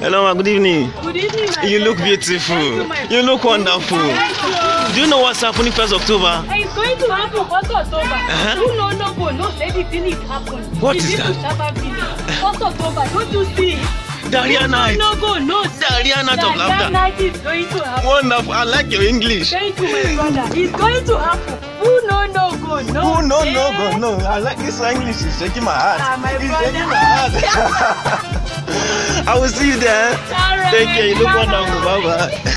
Hello, ma. Good evening. Good evening. You look beautiful. You look wonderful. Do you know what's happening first October? It's going to happen first October. Uh-huh. no, no, no, lady, it happened. What is that? First October, don't you see? Daria night. No go, no. Daria night of laughter. Daria night is going to happen. Wonderful. I like your English. Thank you, my brother. It's going to happen. No, no, no, no, no. I like this English. It's shaking my heart. Ah, my it's brother. shaking my heart. I will see you there. All right. Take You look wonderful. Bye bye.